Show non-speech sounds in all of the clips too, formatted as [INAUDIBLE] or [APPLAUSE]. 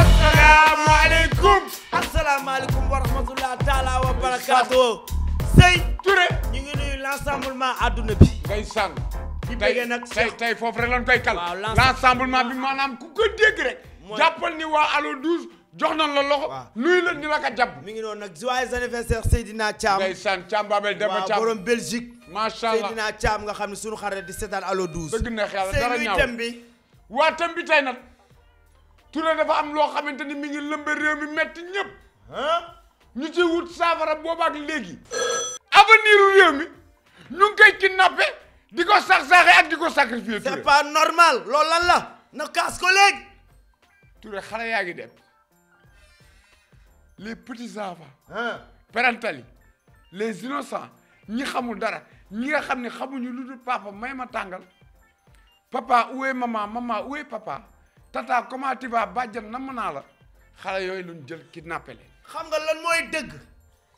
asalaamaaleykum. asalaamaaleykum wa rahmatulah taalaa wa barakaatu. Sey Touré. ñu ngi nuyu l'ensemblement adduna bi. ngay sànq. di nag tey tey foofu rek lañ koy kal. waaw ma bi maanaam ku ko dégg rek. jàppal ni waa Allo 12 jox nañ la loxo. waaw nuyu la ni la ka jàpp. mi ngi noonu nag joyeux anniversaire Seydina Thiam. ngay sànq Thiam Babel Demba Thiam borom Belgique. macha allah Seydina Thiam nga xam ne sunu xarit di seetaan Allo 12. dëgg na xel waa itam bi nag. Touré dafa am loo xamante ni mi ngi lëmbe réew mi metti ñëpp ñu ci wut saafara boobaak léegi avenir réew mi ñu ngi koy kidnappé di ko sax-saaxe ak di ko sacrifié c'est pas lan la na kaas ko léegi les petits parentali les innocents ñi xamul dara ñi nga xam ne xamuñu lu dul papa may ma tàngal papa où est maman maman papa tata comment tu vas bàjjan namm naa la xale yooyu luñ jël kidnappé leen xam nga lan mooy dëgg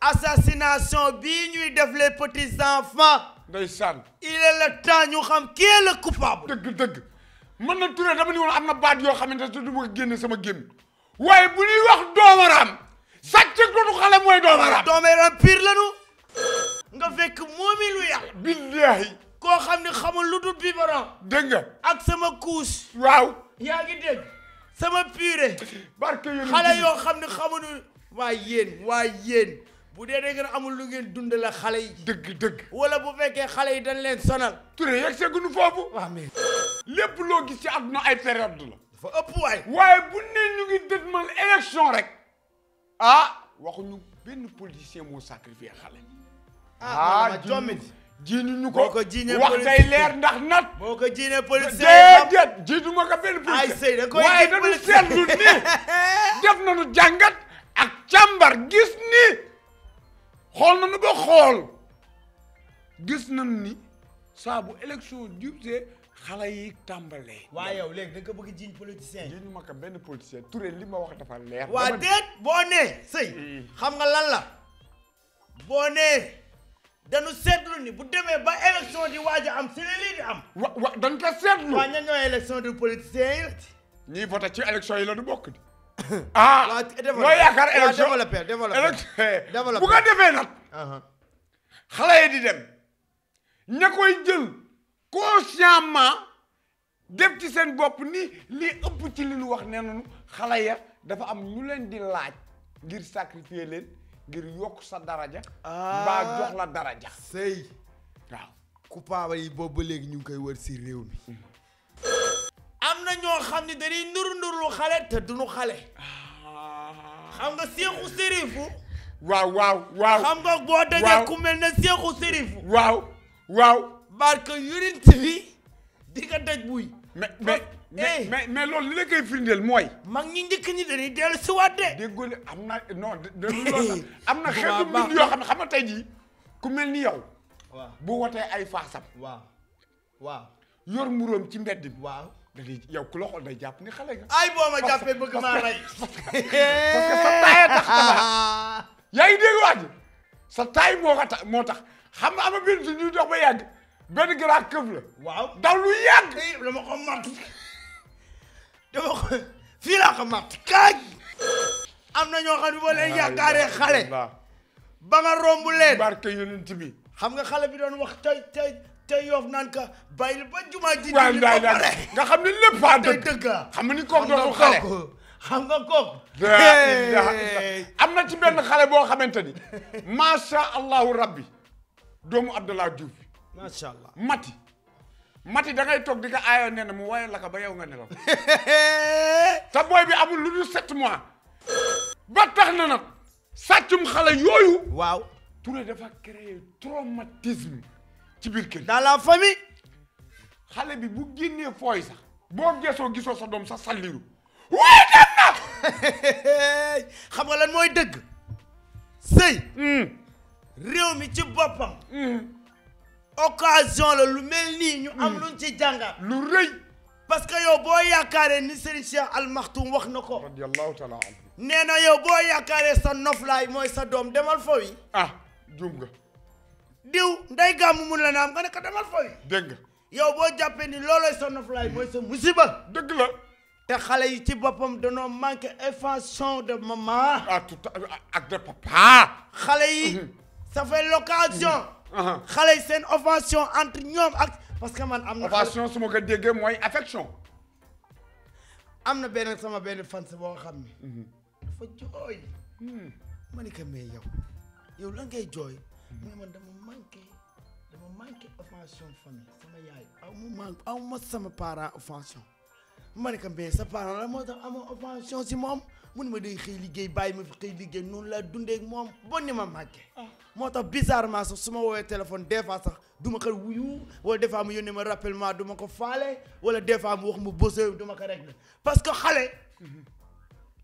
assassination bii ñuy def les petits enfants ndeysaan il est le temps ñu xam qui est coupable dëgg dëgg mën na turee dama ni woon am na baat yoo xamante du ma génne sama génn waaye bu ñuy wax doomaraam sàcc du xale mooy doomaraam doomaraam pire lanu nga fekk moomi lu yàlla billaahi koo xam ne xamul lu dul biberon dégg nga ak sama couche waaw yaa ngi dégg sama purée. [LAUGHS] barke yu xale yoo xam ne xamuñu. waa yéen waa yéen bu dee da ngeen amul lu ngeen dundale xale yi. dëgg dëgg. wala bu fekkee xale yi dañ leen sonal. Touré yegg seegunu foofu. waaw mais lépp loo gis ab àdduna ay période la. dafa ëpp waay. waaye bu ne ñu ngi dëgmal élection rek. ah waxuñu benn politicien moo sacrifié xale. ah, ah jommi jiiñu ñu ko wax ndax nat. moo ko jiine police déedéet ko benn police. ay da koy waaye dañu ni [LAUGHS] def nañu jàngat ak càmbar gis ni xool nañu ba xool gis nañu ni saa bu élection jubsee xale yi tàmbalee. waaw yow léegi da nga ko bëgg jiiñ politicien. jiiñu ma ko benn politicien Touré li ma wax dafa leer. waa déet boo nee sëy eh. xam nga lan la boo nee. dañu seetlu ni bu demee ba élection di waaj a am si lii di am. wa wa dañ ko seetlu. waaw ñan ñooy élection du politicien yi. ñiy voté ci élection yi la du bokk. [COUGHS] ah waaw [COUGHS] développé bu ko defee nag. Uh-huh. xale yi di dem. ña koy jël consciemment def ci seen bopp ni li ëpp ci li ñu wax nee nañu xale ya dafa am ñu leen di laaj ngir sacrifier leen. ngir yokk sa daraja. Ah. mbaa jox la daraja. sëy waaw coupables yi boobu ba léegi ñu ngi koy wër si réew mi. am na ñoo xam ne dañuy ndur ndurlu xale te duñu xale. xam nga seexu sérifu waaw waaw waaw mel ne seexu sérifu waaw barke yurinti bi di daj buy mais mais Eh. mais mais loolu li la koy mooy. mag ñi njëkk ñi dañuy dell si waat de. déggoo am na non de eh. loolu am na xeetu mbir yoo xam ne xam nga tey jii ku mel ni yow. waaw bu wotee ay faasam. waaw waaw. ci mbedd bi. waaw da ngay yow day jàpp ni xale ay boo ma jàppee bëgg maa rey. parce que sa tax tabaar. [LAUGHS] dégg wax sa taay moo ko tax xam nga am na benn ñuy dox ba yàgg benn grand këf la. waaw daw lu yàgg. Eh, dama ko màtt. dama ko fii laa ko am na ñoo xam ne boo leen yaakaaree xale ba nga romb leen barke yonent bi xam nga xale bi doon wax tey tey tey yoof naan ka bàyyi ba jumaa ji di ko nga xam ne lépp a dëgg xam ni kooku doon xale xam nga kooku am na ci benn xale boo xamante ni macha allahu rabbi doomu Abdallah Diouf macha allah mati mati da ngay toog di nga nee na mu waaye la ka ba yow nga nelaw [LAUGHS] te booy bi amul lu dul sept mois ba tax na nag sàccum xale yooyu waaw Touré dafa créer traumatisme ci biir kër dans la famille xale bi bu génnee fooy sax boo gesoo gisoo sa doom sax salliru waaye dem na [LAUGHS] xam nga lan mooy dëgg sëy hmm. réew mi ci boppam hmm. occasion la lu mel nii ñu am hmm. luñ ci jàngat lu rëy parce que yow boo yaakaaree ni Serigne Cheikh Al wax na ko radiyallahu taala nee na yow boo yaakaaree sa noflaay mooy sa doom demal fo wi ah juum nga diw nday gàmmu mun la naam nga ne demal fo wi dégg yow boo jàppee ni loolooy sa noflaay mooy sa musiba dëgg la te xale yi ci boppam danoo manqué affection de maman ah, xale yi ça fait l'occasion xale yi seen ovation entre ñoom ak parce que man am na ovation su ma ko déggee mooy affection am na benn sama benn fans boo xam ne mm-hmm. dafa jooy hmm. ma ni ko mais yow yow la ngay jooy mu ne man dama manqué dama manqué offension famille sama yaay aw ma sama parent offension ma ne ko mais sa parent la moo tax amoo offension si moom mun ma day xëy liggéey bàyyi ma fi xëy liggéey noonu laa dundeek moom bon ni ma màggee. Ah. moo tax bizarrement sax su ma woowee téléphone des fois sax duma ma ko wuyu wala defaa mu yónnee ma rappel ma du ma ko faale wala des fois mu wax mu bosé du ma ko rek parce que xale.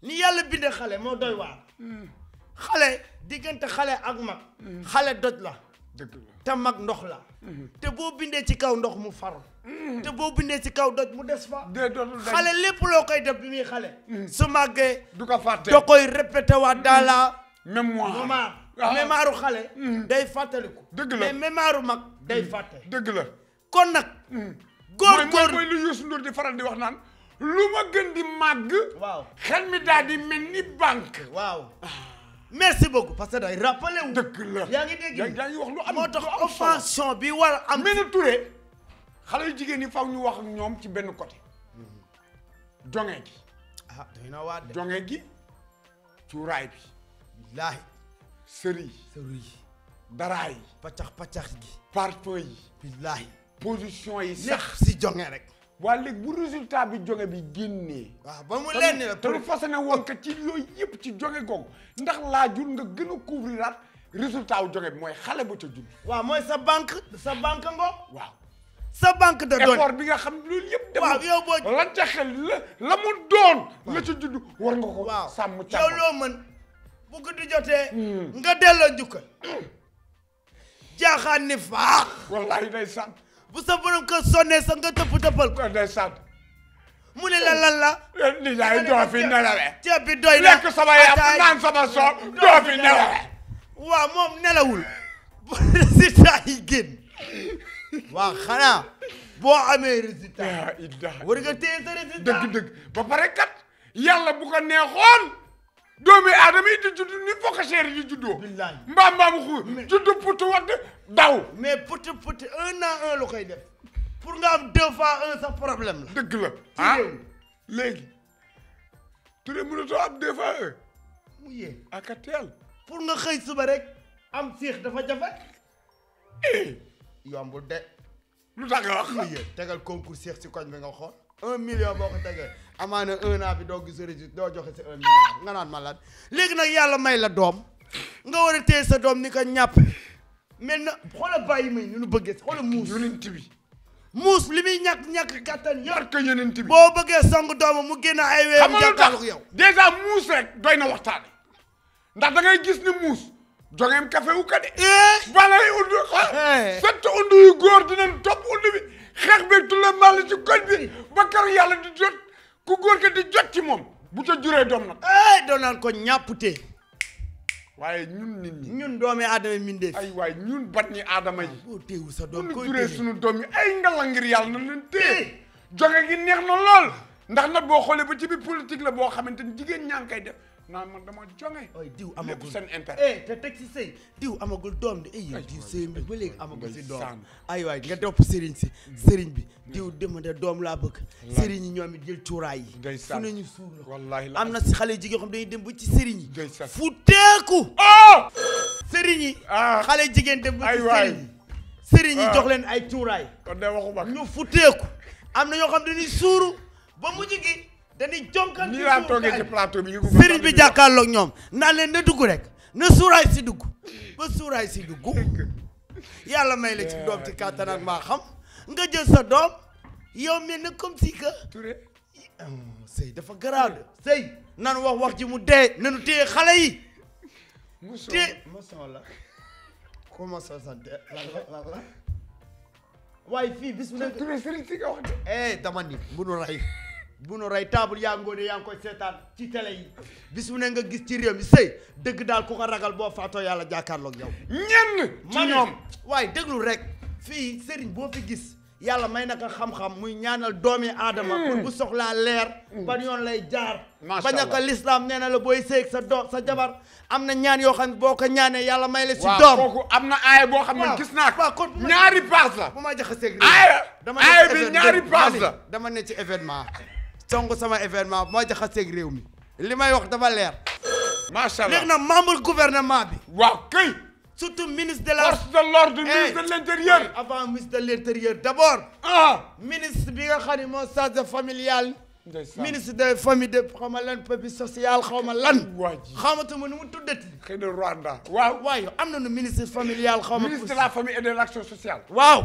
ni yàlla bindee xale moo doy waar. Mm. xale diggante xale ak mag. Mm. xale doj la. te mag ndox la te boo bindee ci kaw ndox mu faru te boo bindee ci kaw doj mu des fa xale lépp loo koy def bi muy xale su màggee du ko fàtte da koy répété waat dans la mémoire mémoire ah. xale mm. day fàttaliku dëgg la mais mémoire mag day fàtte dëgg kon nag mm. góorgóorlu mooy lu Youssou Ndour di faral di wax naan lu ma gën di màgg waaw xel mi daal di mel ni banque waaw ah. merci beaucoup parce que day rappelé wu. dëgg la yaa ngi dégg yaa ngi wax lu am moo tax offension bi war am. Mimi Touré xale yu jigéen yi faw ñu wax ñoom ci benn côté. jonge gi. ah dañu jonge gi cuuraay bi. billaahi. sëri yi sëri yi. daraa yi. paccax paccax gi. parfum yi. billaahi. position yi sax si jonge rek. waa léegi bu résultat bi jonge bi génnee. waaw ba mu leen ne te lu ne woon que ci yooyu yëpp ci jonge googu ndax laajul nga gën a couvrir résultat wu jonge bi mooy xale ba ca judd. waa mooy sa banque sa bank ngo waaw sa banque de données effort bi nga xam loolu yëpp. waaw yow boo la ca xel la la mu doon. la ca judd war nga ko. sàmm ca yow loo mën bu guddi jotee. Hmm. nga delloo njukkal. [CLEARS THROAT] jaaxaan ni faax. wallaahi day sàmm. bu sa borom kër sonnee sa nga tëpp tëppal ko. ndeysaan. mu ne la lan la. li yaay doo fi nelawee. ceeb bi doy na lekk sama yàpp moom nelawul. [LAUGHS] bu résultat yi génn. waaw xanaa. boo amee résultat. war nga téye sa résultat. dëgg dëgg ba pare kat yàlla bu neexoon. doomi aadama yi di judd ni bokkaseer yi di juddoo. billaay mbaam mbaamu xuur juddu putu wadd daw. mais putu putu un à un lu koy def pour nga am deux fois un sax problème la. dëgg la ah léegi. Touré mënatoo am deux un. mu yee aka teel. pour nga xëy suba rek am siix dafa jafe. Eh. yombul de. lu tax nga wax. mu yee tegal concours siix si koñ bi nga xool. un million boo ko tegee amaana un an bi doo gis résultat doo joxe si un million nga naan malade léegi nag yàlla may la doom nga war a téye sa doom ni ko ñàpp maintenant xoolal bàyyi may ñu nu bëggee si xoolal muus yonent li muy ñàkk ñàkk kattan yar ko yonent bi boo bëggee song doomam mu génn ay weeyam jàkkaarlu ko yow dèjà muus rek doy na waxtaane ndax da gis ni muus jongeem café wu ka de eh? bala undu eh. set undu yu góor dinañ topp undu bi xeex bee tulla la ci koñ bi ba kar yàlla di jot ku góor ka di jot ci moom bu ca juree doom nag eh doon naan ko ñàppute waaye ñun nit ñi ñun doomi aadama mindeef ay waaye ñun bat ñi adama yi boo téewu sa doom ko juree suñu doom yi ay ngala ngir yàlla na leen téye eh. jonge gi neex na lool ndax nag boo xoolee ba ci biir politique la boo xamante ni jigéen ñaa ngi koy def naan man dama jonge. ooy diw amagul lépp eh, te amagul doom de eh yow diw sëy bi ba léegi amagul si doom mm. ay waay nga topp sëriñ si mm. sëriñ bi mm. diw dem de doom laa bëgg. sëriñ yi ñoom it jël cuuraay yi. day saan fu nañu suur la wallaahi am na si xale jigéen xam dañuy dem ba ci sëriñ yi. day saan fu teeku. oh. sëriñ yi. ah xale jigéen dem ba ci sëriñ yi. sëriñ ah. leen ay cuuraay. kon de waxuma ñu am na ñoo xam dañuy suuru ba mujj gi dañuy jonkal nii laa toogee ci plateau bi sëriñ bi jàkkaarloog ñoom naan leen na dugg rek na suuraay si dugg ba suuraay si dugg yàlla may la ci doom ci kàttan ak maa xam nga jël sa doom yow mel na comme si que oh, sëy dafa garaaw sëy nan wax wax ji mu dee nanu téye xale yi té la comment ça sant bis bu nekk ray bu nu rey taabul yaa ngoone yaa ngi koy seetaan ci télé yi bis ne nga gis ci réew mi sëy dëgg daal ku ko ragal boo faatoo yàlla jàkkaarloog yow. ñenn ci ñoom waaye déglu rek fii sëriñ boo fi gis yàlla may naka xam-xam muy ñaanal doomi aadama pour hmm. bu soxlaa leer. Hmm. ban yoon lay jaar. ba ñaka lislaam nee na la booy sëy sa do sa jabar am na ñaan yoo xam ne boo ko ñaanee yàlla may la. si doom waaw am na aaya boo xam ne gis naa ko. ñaari paas la bu ma jaxaseeg. aaya aaya bi ñaari paas la dama ne ci événement. song sama événement moo jaxaseeg réew mi li may wax dafa leer. macha allah léegi nag membre gouvernement bi. waaw kay. surtout ministre de la force de l'ordre eh, ministre de l'intérieur avant ministre de l'intérieur d'abord. ah ministre bi nga xam ne moo charge familial. ministre de famille de xaw ma lan peuple social xaw ma lan. waa ji xamatuma nu mu tuddati. xëy na Rwanda. waaw waaw yow am nañu ministre familial. xaw ma ministre de la famille et de l'action sociale. waaw.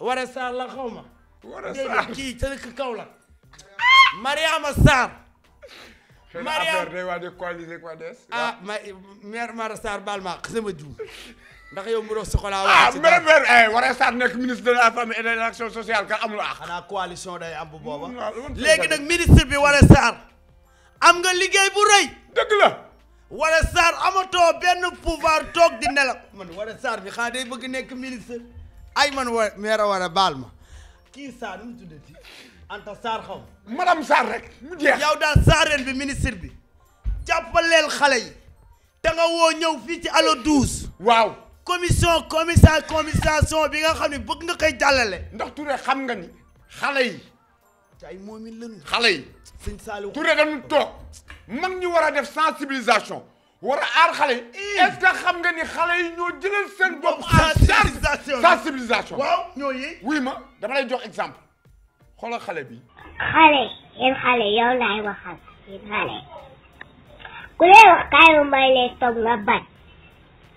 Wara Sarr la xaw ma. Wara Sarr kii ca kaw la. Mariama Sarr. Mariam ah ma mère Mara Sarr baal ma sama jiw ndax yow mbiru soxlaa. waa ah, ci dara ah mère mère nekk ministre de la famille de l'action sociale kan amul ah. xanaa coalition day am bu booba. Mm, léegi nag ministre bi Waré Sarr am nga liggéey bu rëy. dëgg la. Waré Sarr amatoo benn pouvoir toog di nelaw man Waré Sarr bi xanaa day bëgg nekk ministre ay man wa mère Waré baal ma kii Sarr nu mu tuddati. Anta Sarr xaw ma. madame Sarr rek mu jeex. saareen bi ministre bi jàppaleel xale yi da nga woo ñëw fii ci allo 12. waaw commission commission commission bi nga xam ne bëgg nga koy jàllale. ndax Touré xam nga ni xale yi. te ay moom it xale yi. sëñ Saliou Touré dañu toog mag ñu war a def sensibilisation. war a aar xale yi. est-ce xam nga ni xale yi ñoo jëlal seen bopp. sensibilisation sensibilisation. waaw ñoo yee. wuy ma dama lay jox exemple. xoolal xale bi. xale yéen xale yow laay waxal yéen xale ku leen may leen toog nga bañ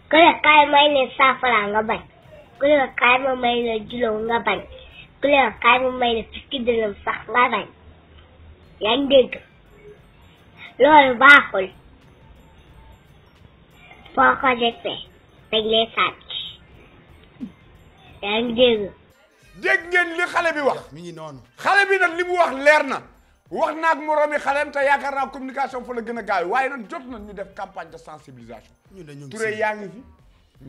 ku leen may leen saafara nga bañ ku leen may leen julloo nga bañ ku leen wax kaay ma may leen fukki nga bañ yaa ngi dégg loolu baaxul foo ko defee dañ lay sàcc yaa ngi dégg ngeen li xale bi wax mi ngi noonu xale bi nag li mu wax leer na wax naag moroomi xaleem te yaakaar naa communication fa la gën a gaaw waaye nag jot nañ ñu def campagne de sensibilisation Touré yaa ngi fi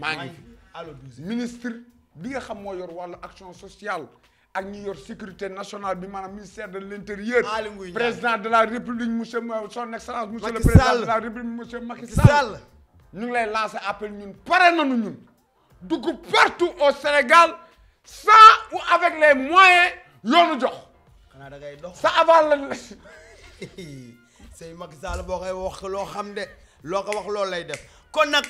maa ngi fi ministre bi nga xam moo yor wàllu action sociale ak ñi yor sécurité nationale bi maanaam ministère de l' intérieur président de la république monsieur son excellence monsieur le président de la république monsieur Macky Sall ñu ngi lay lancer appel ñun pare nañu ñun dugg partout au Sénégal sans ou avec les moyens yoonu jox. xanaa da ngay dox sa aval la. [LAUGHS] say boo koy wax loo xam de loo ko wax loolu lay def kon nag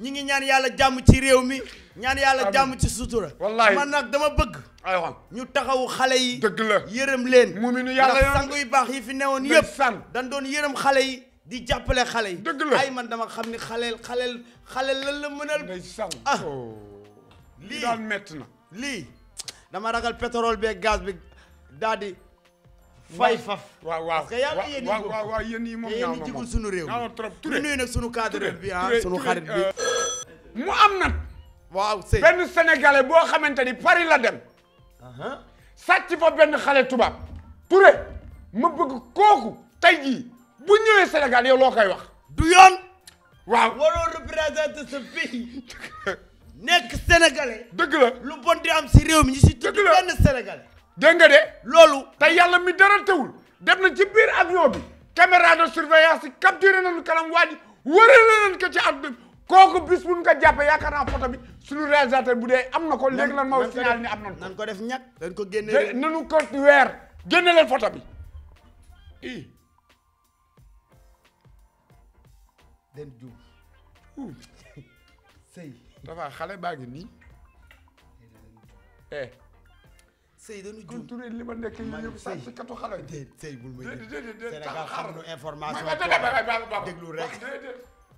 ñi ngi ñaan yàlla jàmm ci réew mi. ñaan yàlla jàmm ci sutura. wallaay man nag dama bëgg. aywa ñu taxawu xale yi. dëgg la yërëm leen. muminu yàlla yoon baax yi fi newoon yëpp. san dañ doon yërëm xale yi. di jàppale xale yi. dëgg la ay man dama xam ni xaleel xaleel xaleel lan la mënal. ah oh. lii daan métti na. lii dama ragal pétrole beeg gaz bi daal di. fay faf waaw waaw parce yi moom yéen jigul sunu réew. trop ture nuyu nag sunu cadre bi ah sunu xarit bi. Euh, mu am nag. benn sénégalais boo xamante ni Paris la dem. Uh-huh. sàcc fa benn xale tubaab. ture ma bëgg kooku tey jii bu ñëwee Sénégal yow loo koy wax. du yoon. waaw waroo représenter ce pays. [LAUGHS] nekk sénégalais. dëgg la lu bon di am si réew mi ñu si. dëgg la benn sénégalais. dégg de. loolu te yàlla mi dara tewul dem na ci biir avion bi. caméra de surveillance yi capturé nañu kanam waa ji wërale nañu ko ci at bi kooku bis mun nga jàppee yaakaar naa photo bi suñu réalisateur bu dee am na ko léegi lan ma signal ni am nañu ko. nan ko def ñàkk dañ ko génne nañu ko weer génne leen photo bi i den Diouf [LAUGHS] Tafa xale baa ngi nii. eh. sëy dañu juum contouré ma Sénégal xam nu information. déglu rek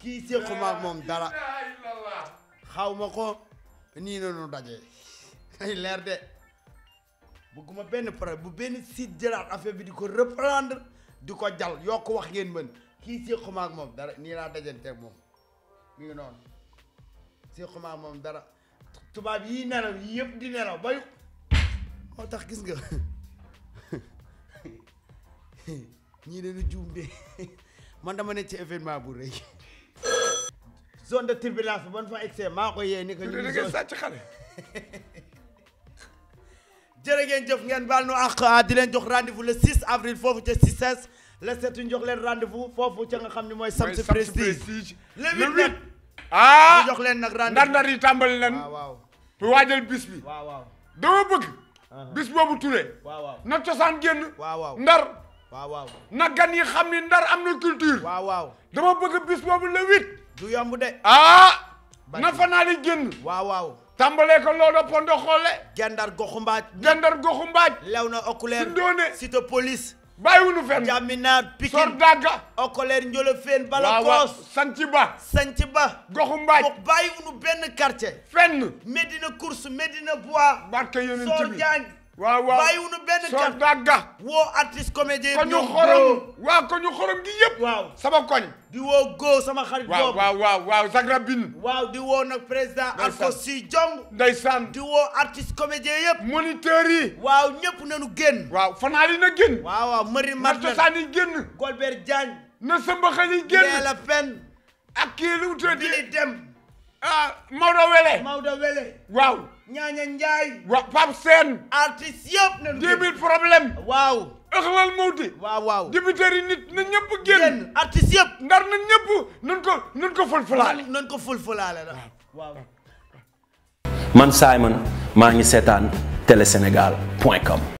kii séquma ak moom dara. xaw ma ko nii daje. ay leer de bëgguma benn problème bu benn site jëlaat affaire bi di ko reprendre di ko jal yokk wax ngeen mën kii séquma ak moom dara nii dajanteeg moom mi ngi noonu. séquma moom dara tubaab yi nelaw yi yëpp di nelaw ba moo tax gis nga [LAUGHS] ñii dañu juum de [LAUGHS] man dama nekk ci événement bu rëy zone de turbulence bi ban fa excès maa ko yee ni ko ñu ngi sàcc xale [LAUGHS] jërë ngeen jëf ngeen baal nu àq ah, di leen jox rendez-vous le 6 foofu ca CICES le 7 ñu jox leen rendez-vous foofu ca nga xam ne mooy Sam's Prestige le 8 ah jox leen nag rendez ndar yi tàmbali leen. waaw pour waajal bis bi. waaw waaw dama bëgg. Uh-huh. bis boobu Touré. na cosaan génn. waaw ndar. na gan yi xam ni ndar am na culture. waaw waaw dama bëgg bis boobu le huit. du yomb de. ah. na fa naa di génn. waaw waaw. tàmbalee ko loolu pondo xoole. gendar goxu mbaaj. gendar goxu mbaaj. lew na okuleer si doone site police. bàyyiwunu fenn jàmminaar pikin sor dàgga okoleer njolo fen bala koos sanc ba sanc ba goxu mbaaj bàyyiwunu benn quartier fenn medina Course medina Bois barke yonent bi sor waaw waaw bàyyiwuñu benn dagga woo artiste comédien ko ñu xorom waaw ko ñu xorom gi yëpp waaw koñ di woo góo sama xarit boobu waaw waaw waaw Zagrabine waaw di woo nag président Alpha Sy Diong ndeysaan di woo artiste comédien yëpp moniteur yi waaw ñëpp nañu génn waaw fanaa na génn waaw waaw Marie Martin Sane yi génn Golbert Diagne na sambaxal yi génn nee la di dem ah Maodo Wele waaw ñaaña njaay wa Pape Sène artiste yëpp na dix mille problème waaw ëxlal mawti waaw waaw dibiteurs yi nit na ñëpp génn artiste ndar na ñëpp nan ko nan ko fulfulaale nan ko fulfulaale la man Simon maa ngi seetaan télé sénégal point com